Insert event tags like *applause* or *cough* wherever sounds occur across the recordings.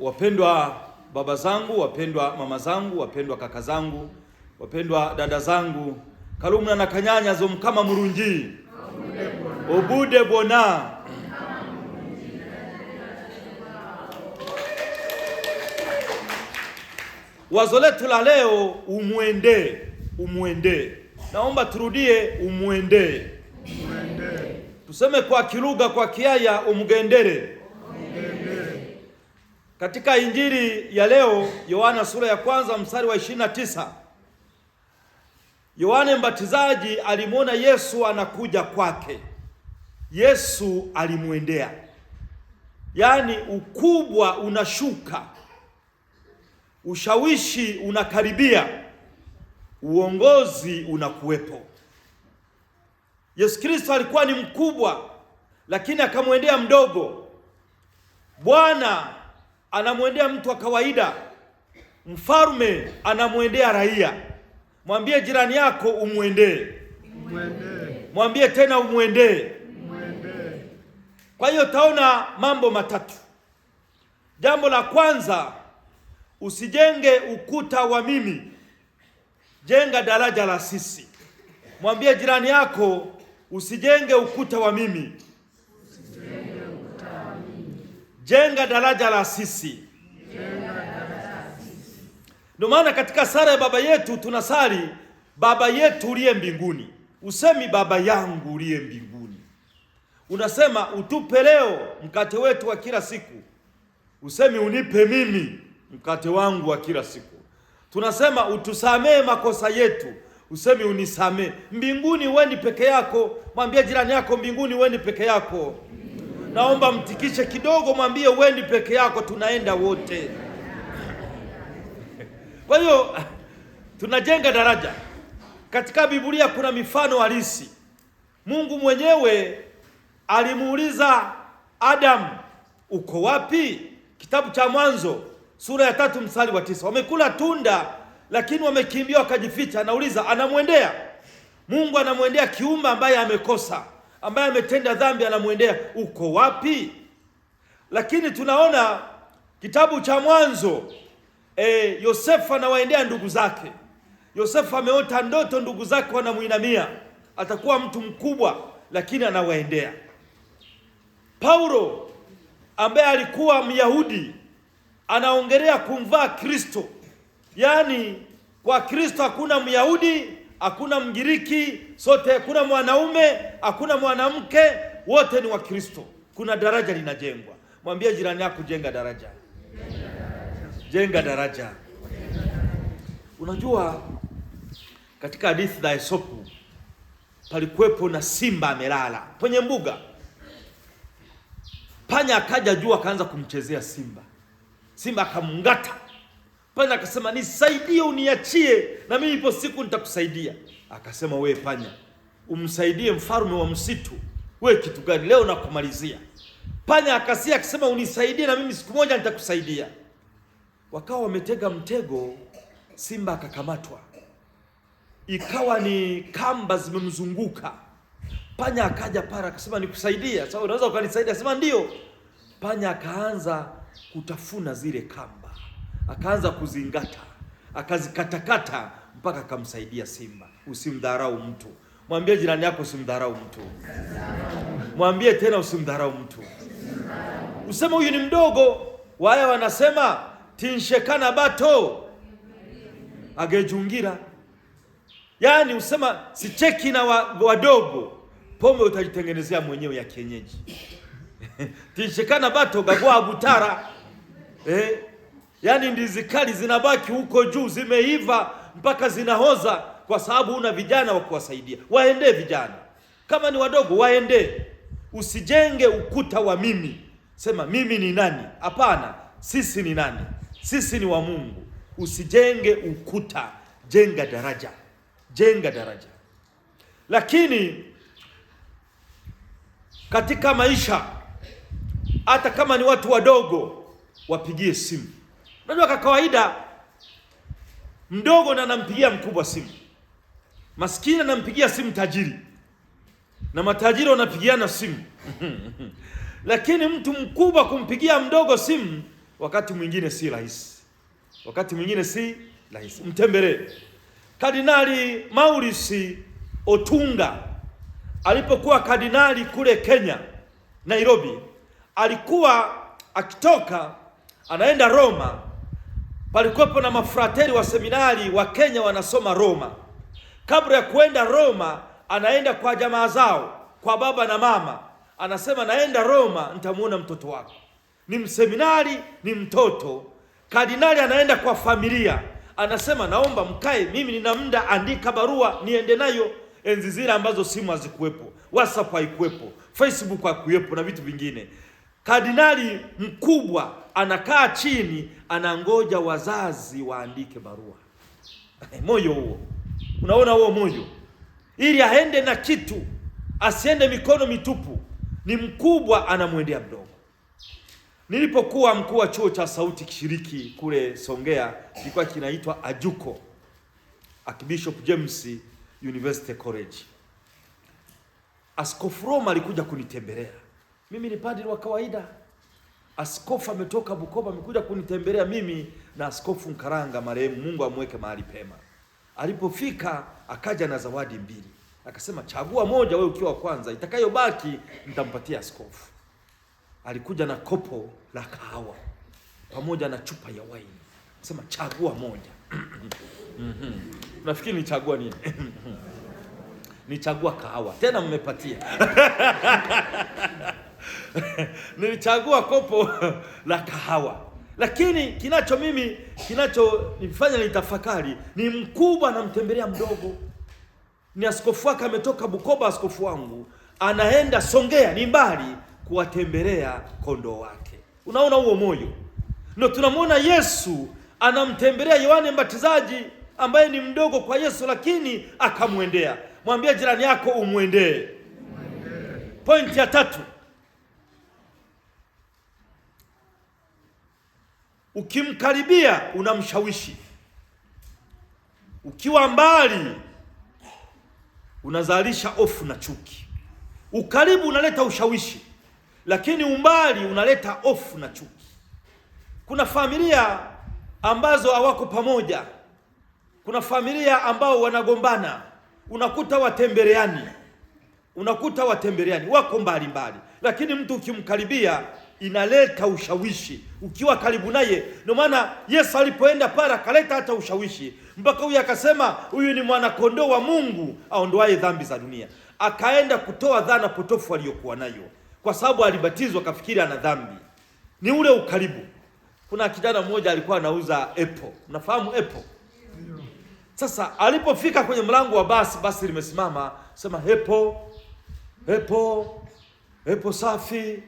Wapendwa baba zangu, wapendwa mama zangu, wapendwa kaka zangu, wapendwa dada zangu, kalumna na kanyanya zomkama murungi obude bona wazo letu la leo umwende umwende Naomba turudie umwende tuseme kwa Kiruga, kwa Kiaya, umgendere katika injili ya leo Yohana sura ya kwanza mstari wa ishirini na tisa Yohane Mbatizaji alimwona Yesu anakuja kwake. Yesu alimwendea, yaani ukubwa unashuka, ushawishi unakaribia, uongozi unakuwepo. Yesu Kristo alikuwa ni mkubwa, lakini akamwendea mdogo. Bwana anamwendea mtu wa kawaida, mfalme anamwendea raia. Mwambie jirani yako umwendee, mwambie tena umwendee. Kwa hiyo taona mambo matatu. Jambo la kwanza, usijenge ukuta wa mimi, jenga daraja la sisi. Mwambie jirani yako usijenge ukuta wa mimi jenga daraja la sisi. Ndio maana katika sala ya Baba yetu tunasali Baba yetu uliye mbinguni. Usemi Baba yangu uliye mbinguni, unasema utupe leo mkate wetu wa kila siku. Usemi unipe mimi mkate wangu wa kila siku. Tunasema utusamee makosa yetu. Usemi unisamee. Mbinguni wewe ni peke yako. Mwambie jirani yako, mbinguni wewe ni peke yako naomba mtikishe kidogo, mwambie uendi peke yako, tunaenda wote. Kwa hiyo tunajenga daraja. Katika Biblia kuna mifano halisi. Mungu mwenyewe alimuuliza Adamu, uko wapi? Kitabu cha Mwanzo sura ya tatu mstari wa tisa. Wamekula tunda lakini wamekimbia wakajificha. Anauliza, anamwendea Mungu, anamwendea kiumbe ambaye amekosa ambaye ametenda dhambi anamwendea, uko wapi? Lakini tunaona kitabu cha Mwanzo e, Yosefu anawaendea ndugu zake. Yosefu ameota ndoto, ndugu zake wanamwinamia, atakuwa mtu mkubwa, lakini anawaendea. Paulo ambaye alikuwa Myahudi anaongelea kumvaa Kristo, yaani kwa Kristo hakuna Myahudi hakuna Mgiriki, sote, hakuna mwanaume, hakuna mwanamke, wote ni Wakristo. Kuna daraja linajengwa. Mwambie jirani yako, jenga daraja, jenga daraja. Unajua, katika hadithi za Esopu palikuwepo na simba amelala kwenye mbuga, panya akaja juu akaanza kumchezea simba, simba akamngata Panya akasema nisaidie, uniachie na mimi, ipo siku nitakusaidia. Akasema we panya, umsaidie mfalme wa msitu? We kitu gani? Leo nakumalizia. Panya akasia akasema unisaidie na mimi, siku moja nitakusaidia. Wakawa wametega mtego, simba akakamatwa, ikawa ni kamba zimemzunguka. Panya akaja para akasema, nikusaidia sasa, unaweza ukanisaidia? Sema ndio. Panya akaanza kutafuna zile kamba akaanza kuzingata, akazikatakata mpaka akamsaidia simba. Usimdharau mtu. Mwambie jirani yako usimdharau mtu. Mwambie tena usimdharau mtu. useme huyu ni mdogo, waya wanasema tinshekana bato agejungira, yaani usema sicheki na wadogo wa pombe utajitengenezea mwenyewe ya kienyeji *laughs* tinshekana bato gagwa butara eh? yaani ndizi kali zinabaki huko juu, zimeiva mpaka zinahoza, kwa sababu una vijana wa kuwasaidia. Waendee vijana, kama ni wadogo waendee. Usijenge ukuta wa mimi, sema mimi ni nani. Hapana, sisi ni nani? Sisi ni wa Mungu. Usijenge ukuta, jenga daraja, jenga daraja. Lakini katika maisha, hata kama ni watu wadogo, wapigie simu Unajua kwa kawaida mdogo na anampigia mkubwa simu, maskini anampigia simu tajiri, na matajiri wanapigiana simu *laughs* lakini mtu mkubwa kumpigia mdogo simu wakati mwingine si rahisi, wakati mwingine si rahisi. Mtembelee Kardinali Maurice Otunga alipokuwa kardinali kule Kenya, Nairobi, alikuwa akitoka anaenda Roma palikuwepo na mafrateri wa seminari wa Kenya wanasoma Roma. Kabla ya kuenda Roma, anaenda kwa jamaa zao, kwa baba na mama, anasema naenda Roma, nitamuona mtoto wako. Ni mseminari, ni mtoto. Kardinali anaenda kwa familia, anasema naomba mkae, mimi nina muda, andika barua niende nayo. Enzi zile ambazo simu hazikuwepo, WhatsApp haikuwepo, Facebook hakuwepo na vitu vingine Kardinali mkubwa anakaa chini, anangoja wazazi waandike barua. Eh, moyo huo, unaona huo moyo, ili aende na kitu, asiende mikono mitupu. Ni mkubwa anamwendea mdogo. Nilipokuwa mkuu wa chuo cha Sauti kishiriki kule Songea, kilikuwa kinaitwa Ajuko, Archbishop James University College. Askofu Roma alikuja kunitembelea mimi ni padri wa kawaida, askofu ametoka Bukoba, amekuja kunitembelea mimi na askofu Nkaranga marehemu, Mungu amweke mahali pema. Alipofika akaja na zawadi mbili, akasema chagua moja wewe ukiwa kwanza, itakayobaki nitampatia askofu. Alikuja na kopo la kahawa pamoja na chupa ya waini, akasema chagua moja. *clears throat* Nafikiri nichagua nini? *clears throat* Nichagua kahawa tena, mmepatia *laughs* *laughs* nilichagua kopo *laughs* la kahawa, lakini kinacho mimi kinachonifanya nitafakari ni mkubwa namtembelea mdogo. Ni askofu wake ametoka Bukoba, askofu wangu anaenda Songea, ni mbali kuwatembelea kondoo wake. Unaona huo moyo, ndio tunamwona Yesu anamtembelea Yohane Mbatizaji ambaye ni mdogo kwa Yesu, lakini akamwendea. Mwambie jirani yako umwendee. Pointi ya tatu Ukimkaribia unamshawishi, ukiwa mbali unazalisha hofu na chuki. Ukaribu unaleta ushawishi, lakini umbali unaleta hofu na chuki. Kuna familia ambazo hawako pamoja, kuna familia ambao wanagombana, unakuta watembeleani, unakuta watembeleani, wako mbali mbali, lakini mtu ukimkaribia inaleta ushawishi ukiwa karibu naye. Ndio maana Yesu alipoenda pale akaleta hata ushawishi, mpaka huyu akasema, huyu ni mwanakondoo wa Mungu aondoaye dhambi za dunia. Akaenda kutoa dhana potofu aliyokuwa nayo, kwa sababu alibatizwa kafikiri ana dhambi. Ni ule ukaribu. Kuna kijana mmoja alikuwa anauza epo, mnafahamu epo. Sasa alipofika kwenye mlango wa basi, basi limesimama, sema epo, epo, epo safi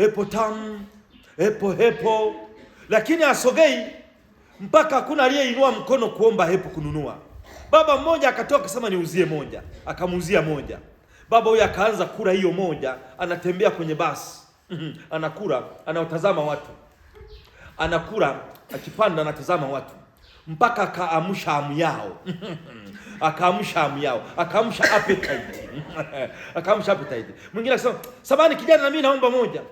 hepo tamu, hepo hepo, lakini asogei mpaka hakuna aliyeinua mkono kuomba hepo kununua. Baba mmoja akatoka akasema, niuzie moja, akamuuzia moja. Baba huyo akaanza kula hiyo moja, anatembea kwenye basi mhm, anakula, anawatazama watu, anakula, akipanda anatazama watu mpaka akaamsha hamu yao *laughs* akaamsha hamu yao, akaamsha appetite *laughs* akaamsha appetite. Mwingine akasema, samani kijana, na mimi naomba moja.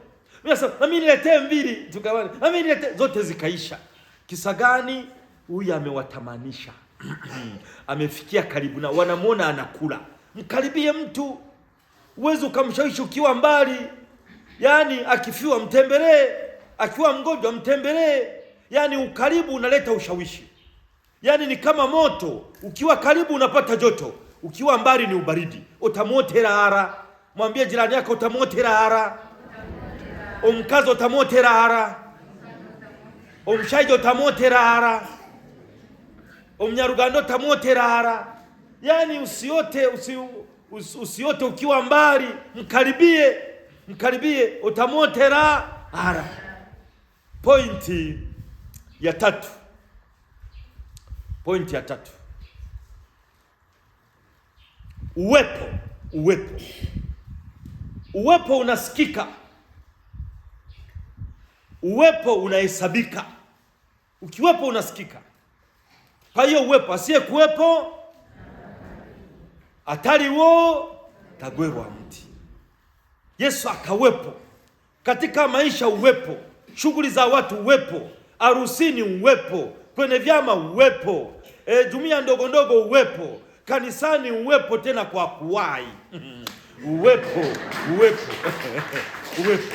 Mimi nasema na mimi niletee mbili tukawana. Na mimi niletee zote zikaisha. Kisa gani? Huyu amewatamanisha. *clears throat* Amefikia karibu na wanamuona anakula. Mkaribie mtu uweze ukamshawishi ukiwa mbali. Yaani akifiwa mtembelee, akiwa mgonjwa mtembelee. Yaani ukaribu unaleta ushawishi. Yaani ni kama moto, ukiwa karibu unapata joto, ukiwa mbali ni ubaridi. Utamwotera hara. Mwambie jirani yako utamwotera hara omukazi otamwotera hara omushaija otamwotera hara omunyaruganda otamwotera hara yani usiote usiote ukiwa mbali mkaribie mkaribie utamwotera hara pointi ya tatu pointi ya tatu uwepo uwepo uwepo unasikika uwepo unahesabika, ukiwepo unasikika. Kwa hiyo uwepo, asiye kuwepo wo tagwewa mti. Yesu akawepo katika maisha, uwepo shughuli za watu, uwepo arusini, uwepo kwenye vyama, uwepo e, jumuiya ndogo ndogo, uwepo kanisani, uwepo tena kwa kuwai *laughs* uwepo uwepo *laughs* uwepo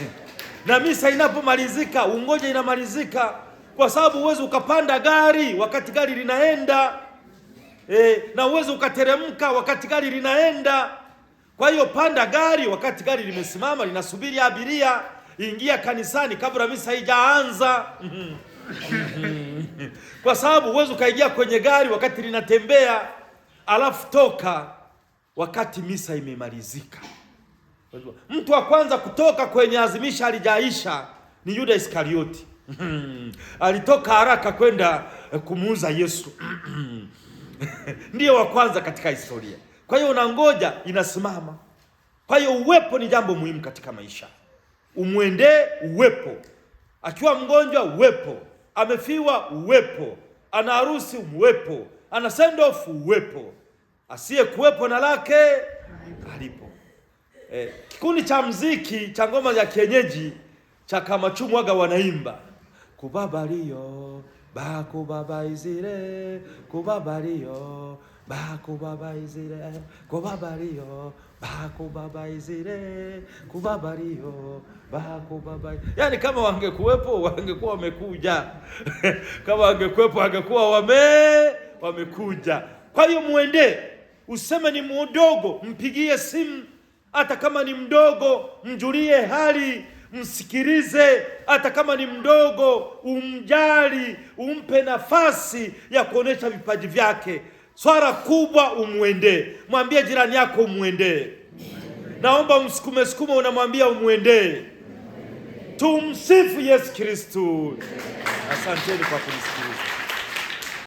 *laughs* na misa inapomalizika ungoja inamalizika, kwa sababu huwezi ukapanda gari wakati gari linaenda e, na huwezi ukateremka wakati gari linaenda. Kwa hiyo panda gari wakati gari limesimama linasubiri abiria, ingia kanisani kabla misa haijaanza *laughs* kwa sababu huwezi ukaingia kwenye gari wakati linatembea, alafu toka wakati misa imemalizika. Mtu wa kwanza kutoka kwenye azimisha alijaisha ni Yuda Iskarioti. Hmm. Alitoka haraka kwenda eh, kumuuza Yesu. *clears throat* Ndiyo wa kwanza katika historia. Kwa hiyo unangoja inasimama. Kwa hiyo uwepo ni jambo muhimu katika maisha. Umwendee uwepo. Akiwa mgonjwa uwepo, amefiwa uwepo, ana harusi uwepo, ana send off uwepo. Asiye kuwepo na lake alipo eh, kikundi cha mziki cha ngoma za kienyeji cha Kamachumu waga wanaimba kubabalio bakubabaizire kubabalio bakubabaizire kubabalio bakubabaizire kubabalio bakubabai. Yani kama wangekuwepo wangekuwa wamekuja *laughs* kama wangekuwepo wangekuwa wame wamekuja. Kwa hiyo muende, useme ni mudogo, mpigie simu hata kama ni mdogo, mjulie hali, msikilize. Hata kama ni mdogo, umjali, umpe nafasi ya kuonesha vipaji vyake. Swala kubwa, umwendee. Mwambie jirani yako umwendee, naomba umsukume sukume, unamwambia umwendee. Tumsifu Yesu Kristu. Asanteni kwa kunisikiliza.